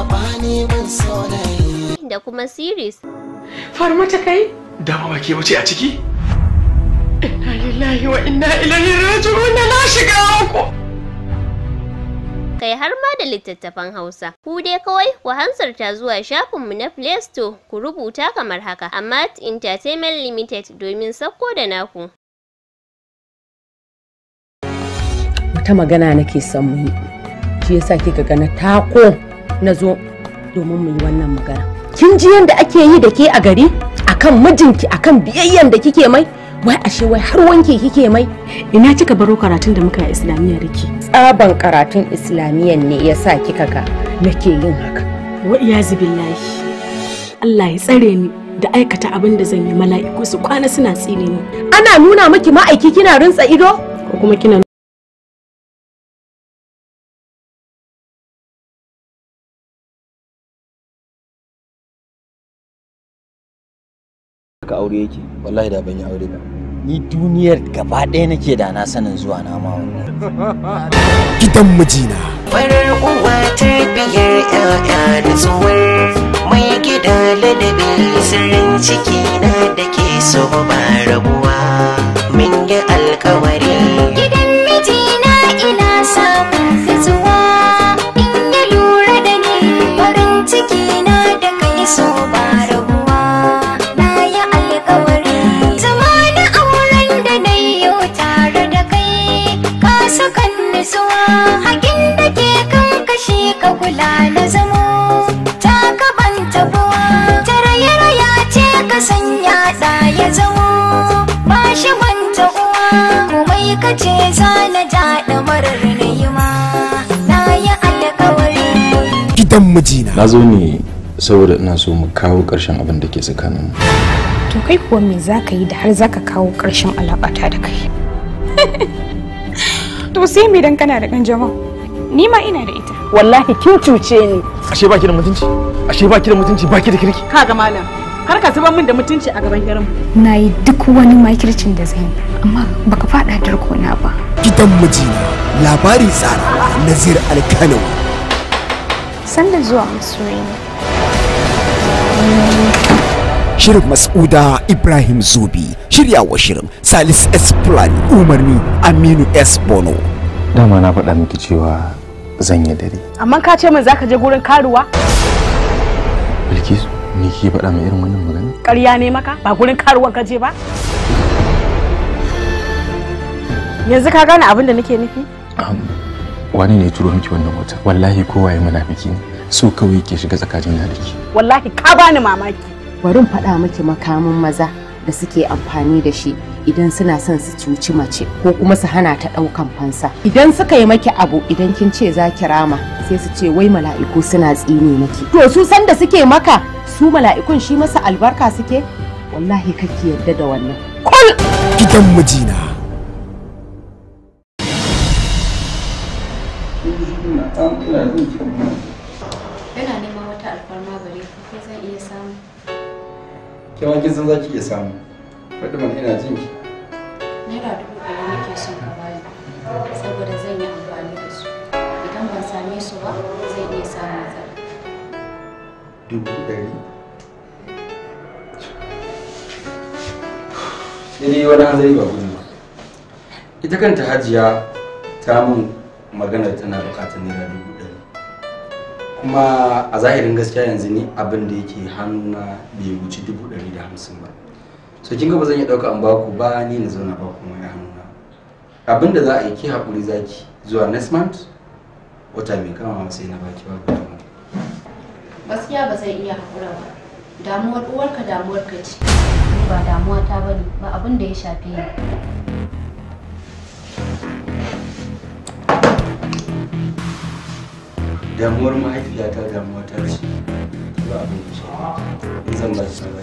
sabani ban saurayi da kuma series far mata kai dama ba ke wuce a ciki inna lillahi wa inna ilaihi raji'un na shiga ku kai har ma da littattafan Hausa. Ku dai kawai ku hansarta zuwa shafinmu na Play Store ku rubuta kamar haka, Amat Entertainment Limited domin sakko da naku. Wata magana nake son mu yi, shi yasa kika gana tako. na zo domin mu yi wannan magana kin ji yadda ake yi da ke a gari akan mijinki akan biyayyen da kike mai wai ashe wai har wanke kike mai ina kika baro karatun da muka islamiyya riki tsaban karatun islamiyya ne ya sa kika ga nake yin haka wa iyazu billahi Allah ya tsare ni da aikata abin da zan yi mala'iku su kwana suna tsine ni ana nuna miki ma'aiki kina rintsa ido ko kuma kina aure yake wallahi da ban yi aure ba ni duniyar gaba ɗaya nake da na sanin zuwa na ma wannan gidan mijina farar uwa tarbiyar ƴaƴa da tsuwar mai gida ladabi sirrin ciki na da ke so ba rabuwa min kula na zamo ta gaban tabuwa ta raye-raya ce ka sanya da ya zamo ba shi wanta uwa komai ka ce zana jaɗa marar na yi ma na yi alƙawari gidan mijina na zo ne saboda ina so mu kawo ƙarshen abin da ke tsakaninmu to kai kuwa me za ka yi da har za ka kawo ƙarshen alaƙata da kai to sai me dan kana da ƙanjamau ni ma ina da wallahi kin cuce ni ashe baki da mutunci ashe baki da mutunci baki da kirki ga malam kar ka zuba min da mutunci a gaban garin na yi duk wani makircin da zan amma baka fada darko na ba gidan mijina labari tsara nazir alkanawa sanda zuwa masoyina Shirin Mas'uda Ibrahim Zubi, shiryawa shirin Salis S. Plan, umarni Aminu S. Bono. Dama na faɗa miki cewa zan yi dare amma ka ce min zaka je gurin karuwa bilkisu ni ke faɗa mai irin wannan magana ƙarya ne maka ba gurin karuwan ka je ba yanzu ka gane abin da nake nufi wani ne turo miki wannan mota. wallahi kowa ya munafiki ne so kawai ke shiga tsakanin na da ke wallahi ka bani mamaki bari in faɗa miki makamin maza da suke amfani da shi idan suna son su cuci mace ko kuma su hana ta ɗaukan fansa idan suka yi maki abu idan kin ce za ki rama sai su ce wai mala'iku suna tsine maki to su san da suke maka su mala'ikun shi masa albarka suke wallahi kake yarda da wannan kul gidan mijina Thank you. ke ma kin san za ki iya samu fatima ina jin ki naira dubu ɗari nake son ka bani saboda zan yi amfani da su idan ban same su ba zai iya samu matsala dubu ɗari dai wani hanzari ba gudu ba ita kanta hajiya ta mun magana tana bukatar naira dubu kuma a zahirin gaskiya yanzu ni abin da yake hannuna bai wuce dubu ɗari da hamsin ba so kin ga ba zan iya ɗauka an baku ba ni na zauna ba kuma ya hannuna abin da za a yi ki haƙuri zaki zuwa next month wata mai kama sai na baki ba ku gaskiya ba zai iya haƙura ba damuwar uwarka damuwar ka ce ba damuwa ta bane ba abin da ya shafe ni damuwar mahaifiyata damuwa ta ce ba a da in zan ba shi ba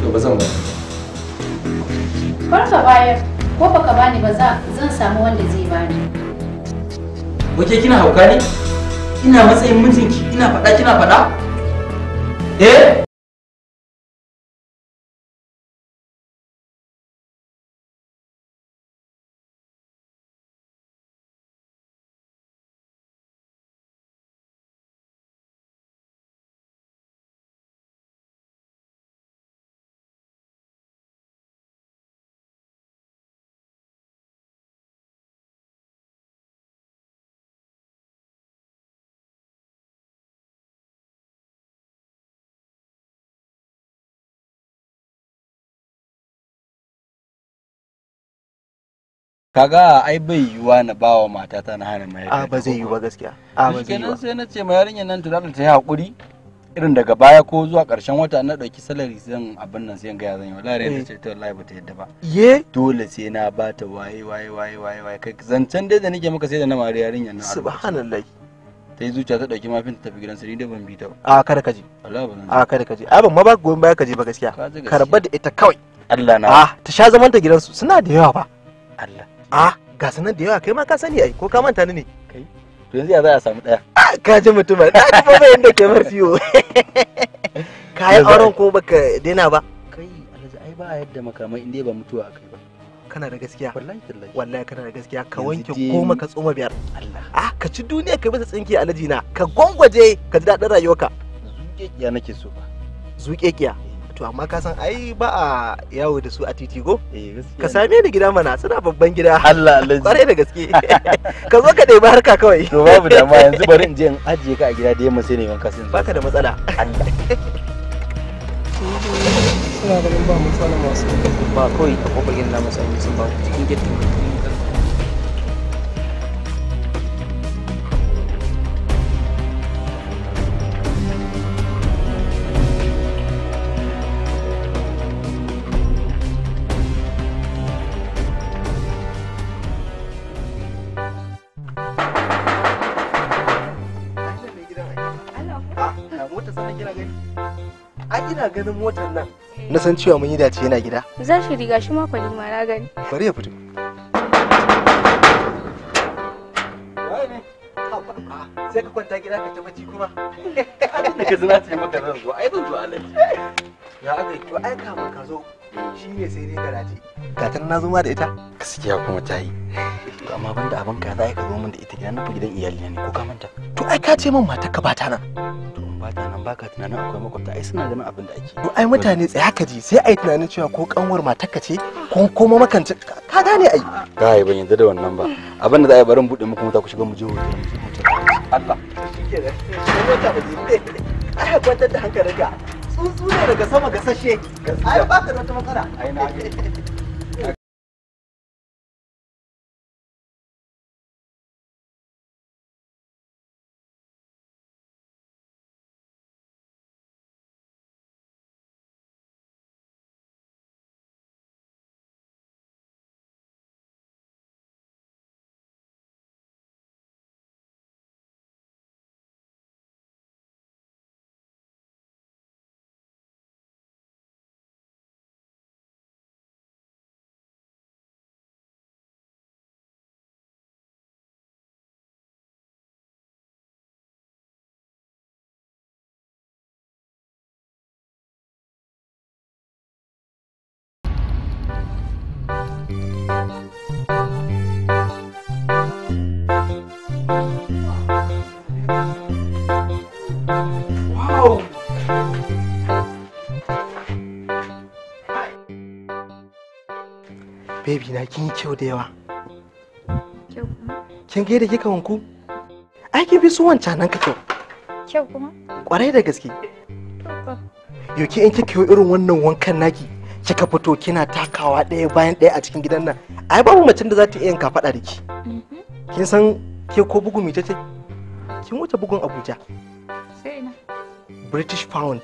to ba zan ba farka bayar ko baka bani ba zan samu wanda zai bani wake kina hauka ne ina matsayin mijinki ina faɗa kina faɗa eh kaga ai bai yiwuwa na ba wa ta na hana mai a ba zai yiwu ba gaskiya a ba zai yiwu sai na ce ma yarinyar nan ta ta yi hakuri irin daga baya ko zuwa karshen wata na dauki salari zan abin nan sai ga zan yi wallahi da eh. ce ta wallahi ba ta yadda ba ye dole sai na ba ta waye waye waye waye waye kai zancen dai da nake maka sai da na mari yarinyar nan subhanallahi ta yi zuciya ta dauki mafin ta tafi gidan sani da ban bi ta ba a kada ka je wallahi ba zan a kada ka je a ban ma ba goyon baya ka je ba gaskiya karba da ita kawai Allah na ta sha zaman ta gidansu suna da yawa ba Allah a ga sanan da yawa kai ma ka sani ai ko ka manta ni ne kai to yanzu ya za a samu daya ka ji mutumin da ji fa bayan da kai fiyo. ka yi auren ko baka daina ba kai alhaji ai ba yadda makamai inda ba mutuwa akai ba kana da gaskiya wallahi tallahi wallahi kana da gaskiya ka wanke goma ka tsoma biyar Allah ah ka ci duniya kai bisa tsinki alhaji na ka gwangwaje ka ji dadin rayuwarka zuƙeƙiya nake so ba zuƙeƙiya to amma ka san ai ba a yawo da su a titi go eh, ka same ni gida mana suna babban gida Allah Allah kwarai da gaske ka zo ka ɗebi harka kawai to babu dama yanzu bari in je in ajiye ka a gida da yamma sai ne wanka sun baka da matsala Allah suna ganin ba matsala masu ba kawai a kofar na masu sun ba cikin gidan ina ganin motar nan na san cewa mun yi dace yana gida za shi riga shi ma ni ma na gani bari ya fito sai ka kwanta gida ka tabbaci kuma abin da ka zina ta yi maka ran zuwa. ai zan zo alaji ya aka yi to ai kama ka zo shine sai dai garaje gatar na zo ma da ita gaskiya kuma ta yi to amma ban da abin ka za ka zo min da ita gidan nufi gidan iyalina ne ko ka manta to ai ka ce min mata ka bata nan to bata nan baka tunanin akwai makwabta ai suna ganin abin da ake to ai mutane tsaya ka ji sai ai tunanin cewa ko kanwar mata ka ce ko kuma makanci ka gane ai kai ban yadda da wannan ba abin da za a yi barin buɗe muku mota ku shiga mu je hotel mu je hotel Allah shi ke da mota ba je ai kwantar da hankalinka tsuntsu ne daga sama gasashe ai ba ka da wata matsala ai na kin kyau da yawa kyau kuma kin ga da kika wanku ai kin fi su wancan nan ka kyau kyau kuma kwarai da gaske yau ki in kika yi irin wannan wankan naki kika fito kina takawa ɗaya bayan ɗaya a cikin gidan nan ai babu macen da za ta iya kafaɗa da ki mm-hmm. kin san ke ko bugun mita ce kin wuce bugun abuja sai na british pound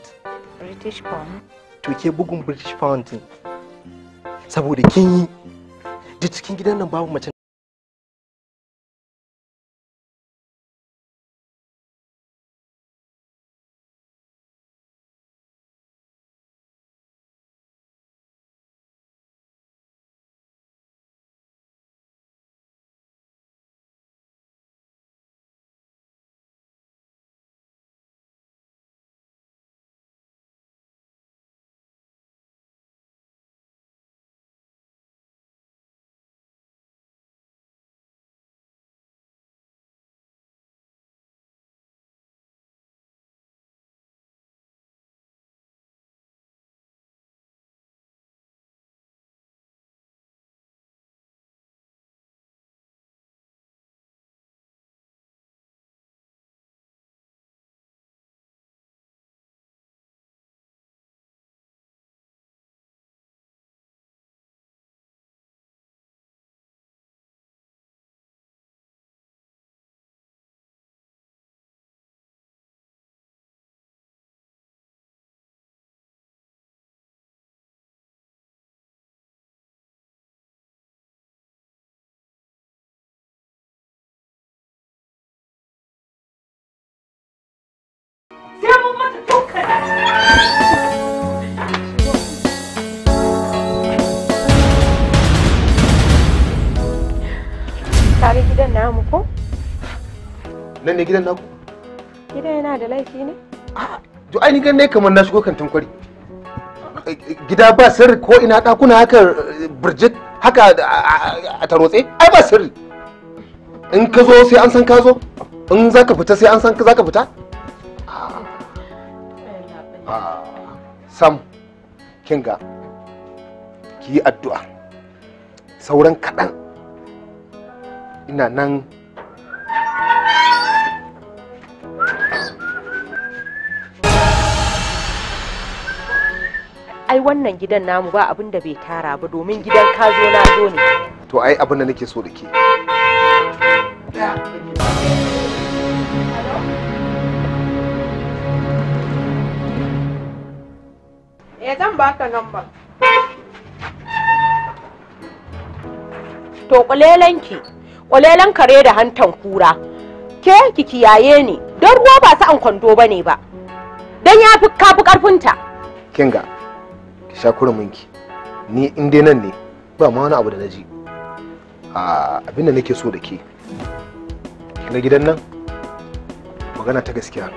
british pound to ke bugun british pound saboda kin yi duk cikin gidan nan babu mace Kare gidan namu ko? Nan ne gidan naku? Gidan yana da laifi ne? Ah, to ainihin ne kamar na shigo kantin kwari. Gida ba sirri ko ina ɗakuna haka birjit haka a tarotse? Ai ba sirri. In ka zo sai an san ka zo? In za ka fita sai an san za ka fita? sam kinga ki yi addu'a sauran kaɗan ina nan ai wannan gidan namu ba abin da bai tara ba domin gidan ka zo na zo ne to ai abin da nake so da ke Eh zan baka number. To kulelanki, kulelan kare da hantan kura. Ke ki kiyaye ni, don ruwa ba sa'an kwando bane ba. Dan ya fi kafi karfinta. Kinga, ki sha minki. Ni in dai nan ne, ba ma wani abu da naji. A da nake so da ke. na gidan nan? Magana ta gaskiya.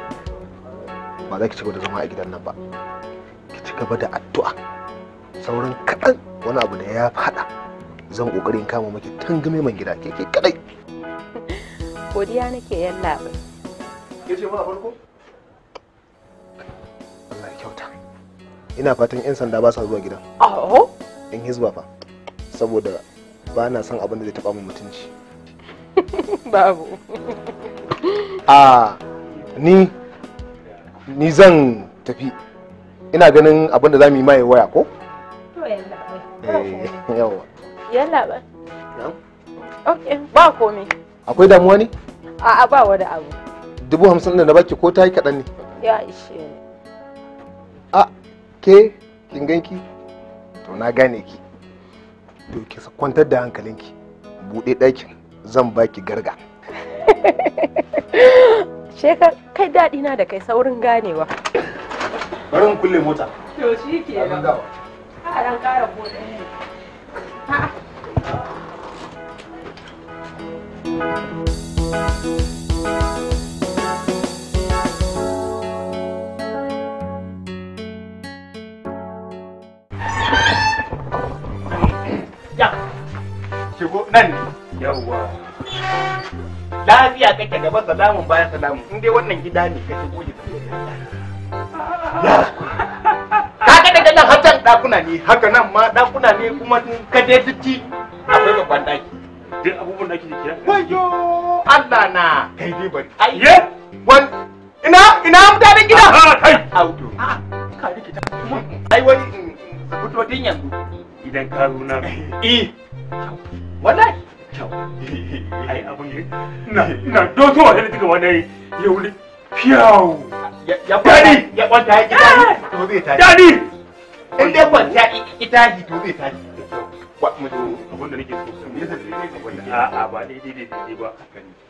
Ba za ki ci da zama a gidan nan ba. gaba da addu'a sauran kaɗan wani abu da ya faɗa zan ƙoƙarin kama maki tangame man gida keke kaɗai godiya nake yalla ke ce mana farko Allah kyauta ina fatan yan sanda ba sa zuwa gidan aho in hizba fa saboda ba na son abin da zai taɓa mu mutunci babu a ah, ni ni zan tafi ina ganin abinda da za mu yi mai waya ko? To yalla bai. Yawa. Yalla bai. Ok, ba komai. Akwai damuwa ne? A'a ba wani abu. Dubu hamsin da na baki ko ta yi kaɗan ne? Ya ishe A ke kin ganki? To na gane ki. To ki kwantar da hankalinki. Buɗe ɗakin zan baki garga. Shekar kai daɗi na da kai saurin ganewa. bari mu kulle mota to shi ke nan a ran kara bude ne Ya, shigo nan yawwa. Lafiya kake gaba salamun baya salamun, in dai wannan gida ne kake goge da ka ga daga nan hatan dakuna ne haka nan ma dakuna ne kuma ka dai dutti akwai babban daki duk abubuwan da ake da kira wayo Allah na kai dai bari ai ye wan ina ina mutanen gida ah, ah, kai auto ah, ka ta ai wani fito din yanzu idan ka runa eh wallahi kyau ai abun ne na na doto wani Dadi! Ya kwanta ya to zai tashi. Dadi! In dai kwanta itahi to zai tashi. ba.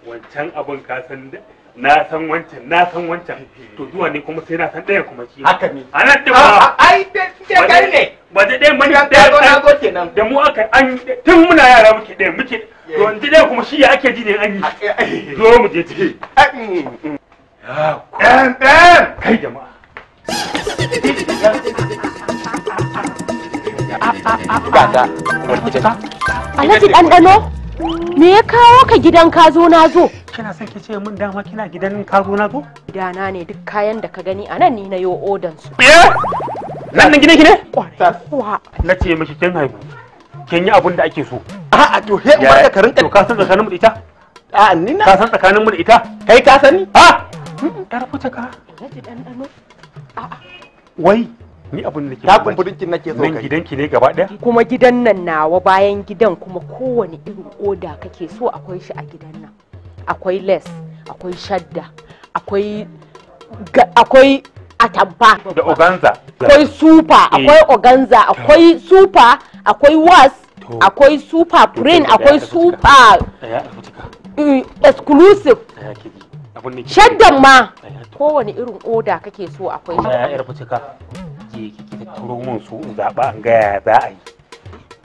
Wancan abin ka san na san wancan na san wancan to zuwa ne kuma sai na san ɗaya kuma shi haka ne a nan da ba ai da kai ne ba da ɗayan mani ɗaya na go kenan da mu aka an tun muna yara muke ɗayan muke to yanzu ɗayan kuma shi ya ake ji ne an yi zo mu je ciki mm, mm. ɗan Alhaji ɗanɗano, me ya kawo ka gidan ka na zo? Kina son ki ce min dama kina gidan ka na zo? Gidana ne duk kayan da ka gani a nan ni na yo odan su. Nan nan gine ki Na ce miki kin haihu. Kin yi abin da ake so. A'a to he ba ka rinka. To ka san tsakanin mu da ita? A'a ni na. Ka san tsakanin mu da ita? Kai ka sani? A'a. Yar Wai ni abin da ke kuma gidan nan nawa bayan gidan kuma kowane irin oda kake so akwai shi a gidan nan akwai les akwai shadda akwai akwai da oganza akwai super eh. akwai oganza akwai super akwai was akwai super print akwai super eh, exclusive abin da shaddan ma kowane irin oda kake so akwai shi ya yar fice ka ki ki ta turo mun su in zaba an ga ya za a yi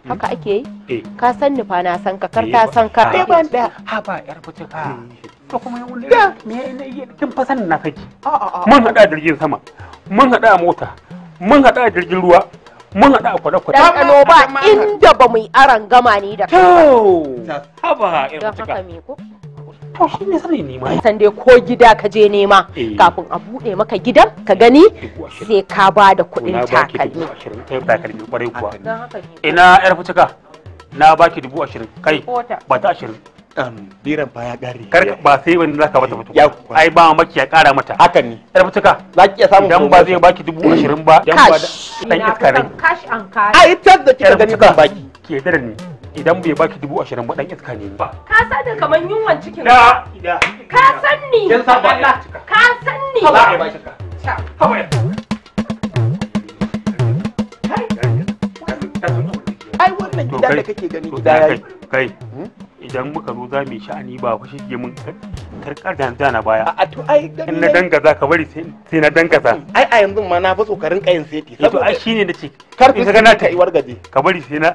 haka ake yi eh. ka san ni fa na san ka kar ta eh, san ka ɗaya ah. eh, ban ɗaya ha ba yar fice ka to kuma yau ne me ne kin fa san na kake a ah, a ah, a mun hada jirgin sama mun hada mota mun hada jirgin ruwa mun hada a kwada-kwada. Dan kano ba inda ba mu yi aran gama ni da kai. To, haba yar fice ka to shi ne sai nema san dai ko gida ka je nema eh. kafin a bude maka gidan ka gani sai ka ba da kuɗin takalmi takalmi eh, kwarai kuwa ina yar fitaka na baki dubu ashirin kai ba ta ashirin biran baya gari kar ba sai wani zaka bata mutu ai ba maki ya kara mata haka ne yar fitaka za ki iya samun dan ba zai baki dubu ashirin ba dan ba dan iskarin ne kashi an kare ai tabbata ki gani ban baki ke da ni idan bai baki dubu ashirin ba dan iska ne ba ka san da kaman yunwan cikin da ka san ni kin san Allah ka san ni ba ba ai wannan gida da kake gani gida yayi kai idan muka zo za mu yi sha'ani ba ku shige mun karkar da na baya. A to ai in na dangaza ka bari sai na dangaza. Ai a yanzu ma na fi tsokarin kayan seti. Eh to ai shine nace. Karfi sai ta iwar gaje. Ka bari sai na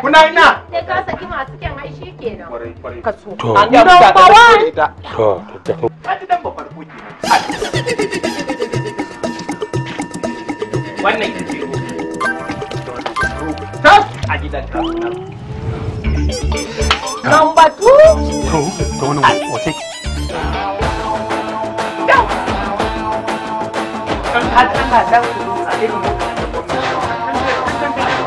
kuna ina sai ka saki masu kyan ai kenan ka so to an ga da to to kaji dan ba farko ke wannan ita ce ta a gidan ka number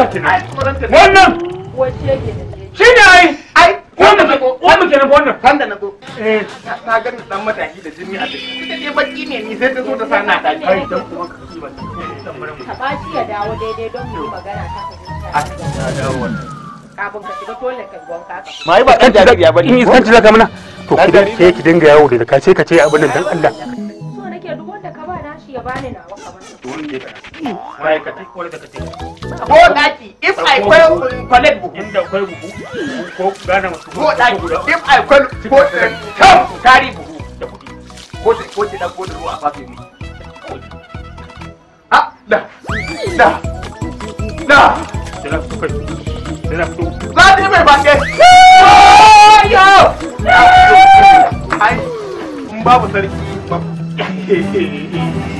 ɗauka wannan shi ne ai ai wanda na wanda kenan wannan wanda na go eh ta ga ni dan mataki da jini a jiki ita dai baki ne ni sai ta zo ta sana ta ni ai dan kuma ka ci kiba ka baci ya dawo daidai don mu magana ta ka ta dawo wannan kafin ka shiga tole ka gonka ka mai ba dan ta dabiya bane in san ta zaka mana to ki sai ki dinga yawo da ka sai ka ce abin nan dan Allah shi ya bani nawa kamar ma'aikata ko ko daki if i call collect buku inda akwai buku ko gana masu ko daki if i call ko kam tari buku da kudi ko ko ki dan godin ruwa a fafe mi ah da da da da kai da ku zai mai bake yo ai babu sarki babu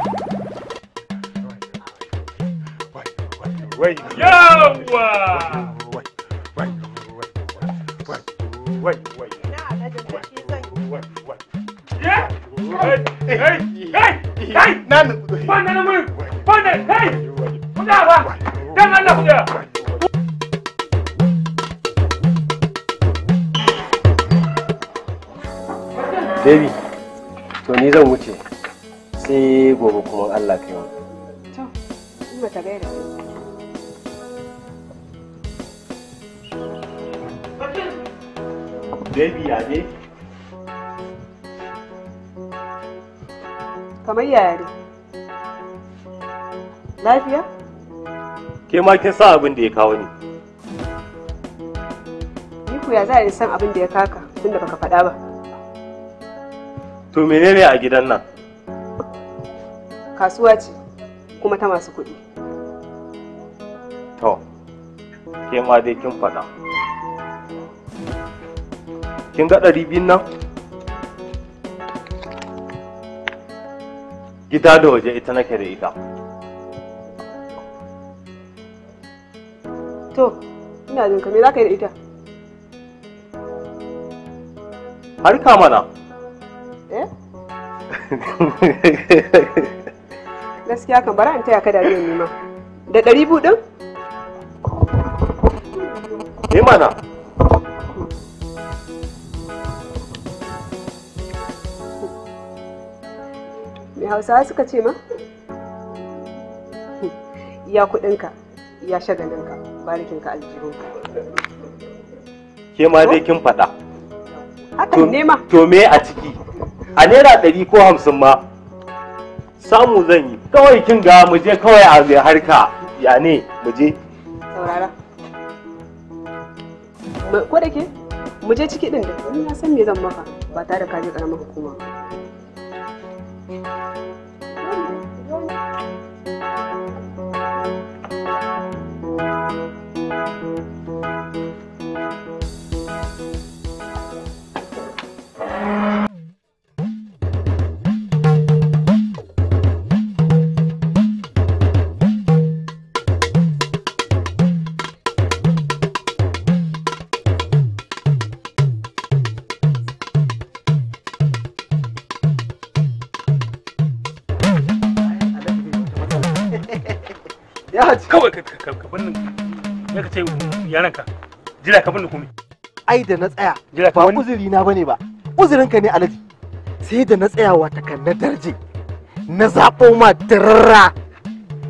Yawa! ma kin sa abin da ya kawo ni ni ku ya za a san abin da ya kaka tunda baka faɗa ba to menene a gidan nan kasuwa ce kuma ta masu kuɗi to ke ma dai kin faɗa kin ga ɗari biyun nan gida da waje ita nake da ita To, ina ka me za ka yi da ita? Harka mana. Eh? Gaskiya kan bara in taya ka da biyan ma. Da ɗari buɗin? Eh mana. Me hausawa suka ce ma? Ya kuɗinka, ya shagalinka. barikin ka ke ma dai kin faɗa hakan ne ma to me a ciki a naira ɗari ko hamsin ma samu zan yi kawai kin ga mu je kawai a zai harka ya ne mu je saurara ko da ke mu je ciki ɗin da ni na san me zan maka ba tare da ka je ƙaramin hukuma ai da na tsaya ba uzuri na bane ba uzurinka ne alaji sai da na tsayawa takan na darje na zaɓo ma tararra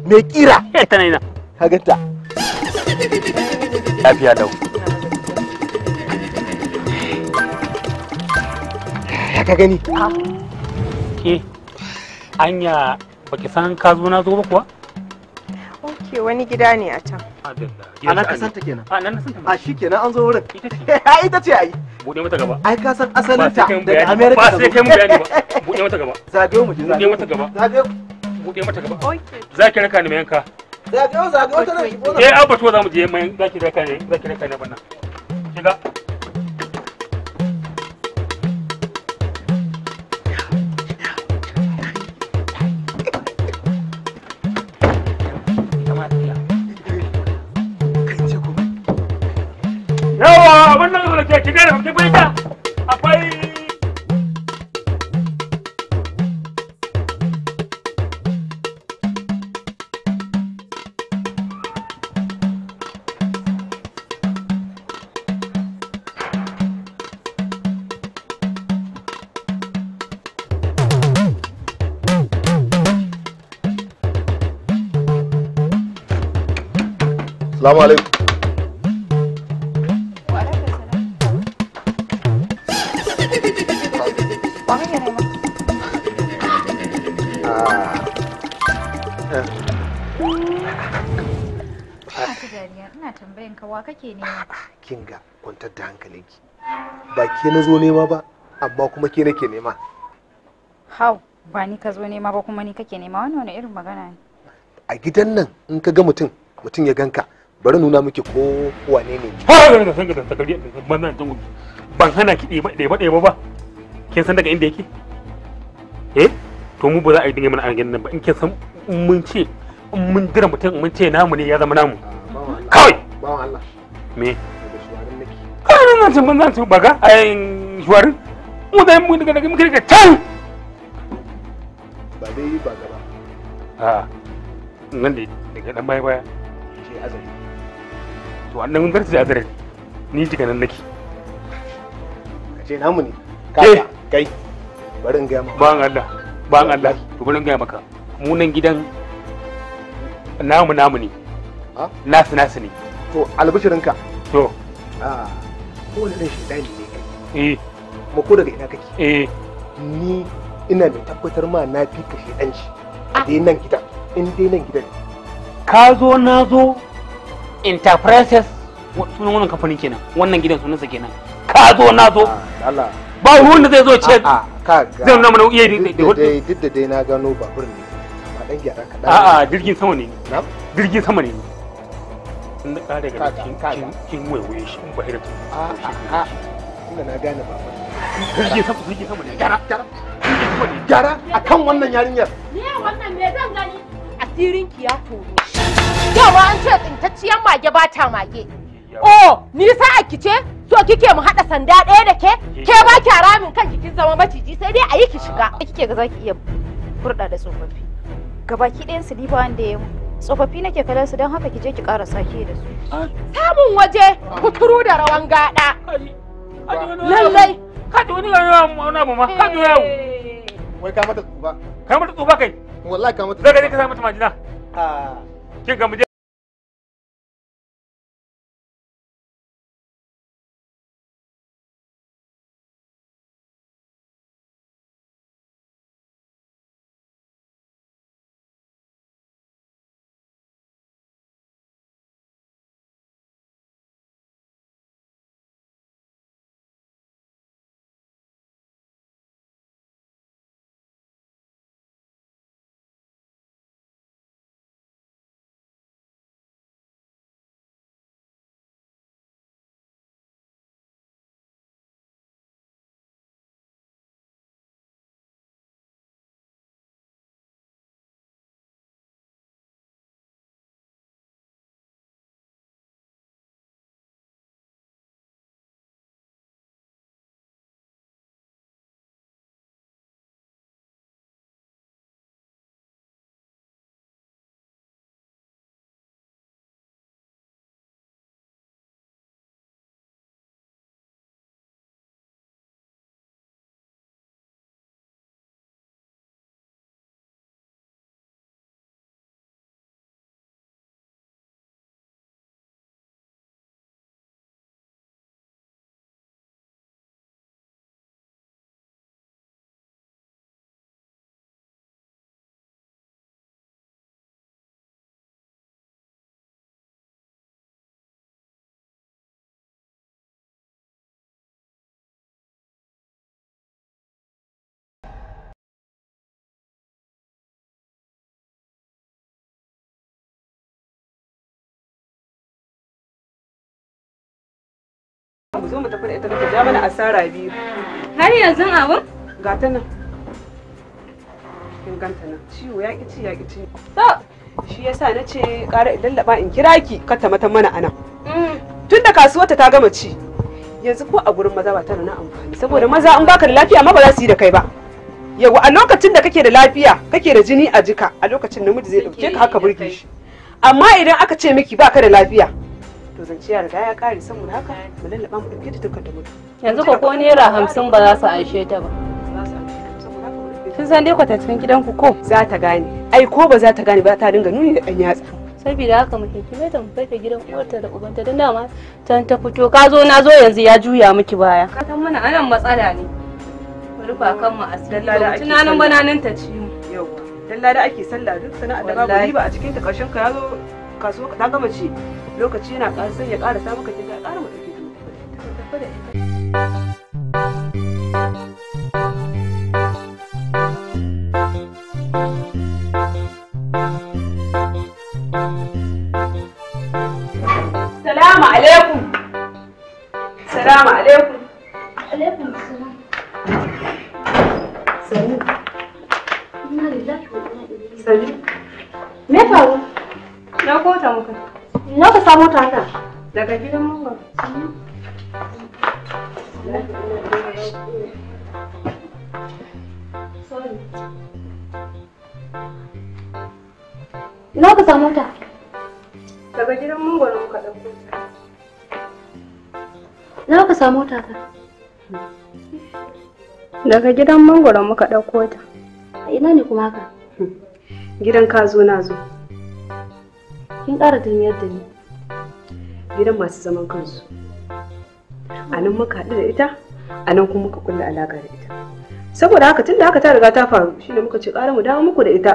mai kira ta naina ka ganta lafiya dau ya ka gani ke anya baki san ka zo na zo ba kuwa ke wani gida ne a can. A nan ka santa kenan. A nan na santa. A shi kenan an zo wurin. Ita ce. Ita ce ai. buɗe mata gaba ai ka san asalin ta daga america ba sai kai mu bayani ba buɗe mata gaba zage mu ji buɗe mata gaba zage buɗe mata gaba za ki raka ni mai yanka zage wata ran eh abba to za mu je mai za raka ne raka ne shiga ce ki gara ki akwai Salamu alaikum. kake nema kinga kwantar da hankalinki ba ke na zo nema ba amma kuma ke nake nema hau ba ni ka zo nema ba kuma ni kake nema wannan wani irin magana ne a gidan nan in ka ga mutum mutum ya ganka bari nuna miki ko wane ne ha san da ban nan ban hana ki dai ɗeba ɗeba ba kin san daga inda yake eh to mu ba za a yi dinga mana a gidan nan ba in kin san mun ce mun dira mutum mun ce namu ne ya zama namu kawai bawan Allah me kanin nan can banzan su baga a shuwarin mu da mu daga daga muka daga can ba dai ba gaba a nan da daga dan baya baya ce azari to an nan zarta azari ni daga nan nake ka ce namu ne kai kai barin ga maka ban Allah ban Allah to barin ga maka mu nan gidan namu namu ne nasu nasu ne to albishirinka to a kowane ɗan shaidani ne kai eh ko daga ina kake eh ni ina mai tabbatar ma na fi ka shaidanci a dai nan gida in dai nan gidan ka zo na zo enterprises sunan wannan kamfanin kenan wannan gidan sa kenan ka zo na zo ba ruwan da zai zo ce zai nuna mana iya duk da dai na gano babur ne ba dan gyara kaɗan a'a jirgin sama ne jirgin sama ne sun da kare ga kin kin waiwaye shi ba hira tun a a inda na gane ba Jirgin sama jirgin sama ne gyara gyara gyara akan wannan yarinyar me wannan me zan gani asirin ki ya tono dama an ce tsintacciyar mage ba ta mage oh ni sa'a ki ce so kike mu haɗa sanda ɗaya da ke ke ba ki ramin kan kin zama maciji sai dai a yi ki shiga ah. kike ga zaki iya furɗa da tsofaffi gabaki ɗayan su ni ba wanda ya tsofaffi nake kallon su don haka ki je ki ƙara sake da su samun waje kuturu da rawan gada lallai kaji wani yana mauna mama kaji yawo wai ka mata tsufa ka mata tsufa kai wallahi ka mata daga ne ka sa mata majina Ah. kin ga mu Mu zo mu tafi da ita kake ja mana asara biyu. Har yanzu abun? Ga ta nan. ganta nan. Ciwo ya ki ci ya ci. To, shi yasa na ce ƙara idan laba in kira ki ka ta mata mana anan. Mm. Tun da kasuwarta ta gama ci. Yanzu ko a gurin maza ba ta nuna amfani saboda maza an baka da lafiya ma ba za su yi da kai ba. Yawa a lokacin da kake da lafiya kake da jini a jika a lokacin namiji zai ɗauke ka haka burge shi. Amma idan aka ce miki baka da lafiya to zance ya ya kare saboda haka mu lallaba mu dauke ta yanzu ko naira hamsin ba za su aishe ta ba kin san dai kwata gidanku ko za ta gane ai ko ba za ta gane ba ta dinga nuni da yatsa saboda haka muke kime ta mu ta gidan uwarta da ubanta dan dama tan ta fito ka zo na zo yanzu ya juya miki baya ka san mana anan matsala ne mu rufa kanmu tunanin bananin ta ci mu dalla da ake sallah duk sana'a da babu riba a cikin ta karshen ka yazo kasuwa ta gama lokaci yana ƙara sai ya ƙara sa maka kinga ƙara mu ɗauke ta mu tafi da ita samo ta haka? Daga gidan mangwaro. Ina ka ta? Daga gidan mangwaro muka ɗauko ta. Ina ka samu ta ka? Daga gidan mangwaro muka ɗauko ta. ina ne kuma Gidan ka zo na zo. Kin ƙara tun da ni. gidan masu zaman kansu a nan muka haɗu da ita a nan kuma muka kulla alaƙa da ita saboda haka tunda haka ta riga ta faru shine muka ce ƙara mu dawo muku da ita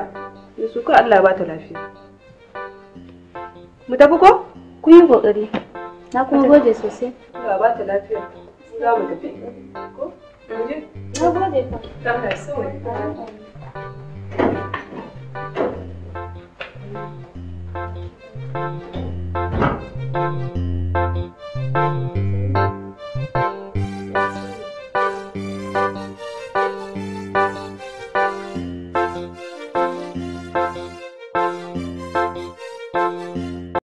da su kai Allah ba ta lafiya mu tafi ko ku yi kokari na kuma gode sosai Allah ba ta lafiya za mu tafi ko Thank you. Thank you.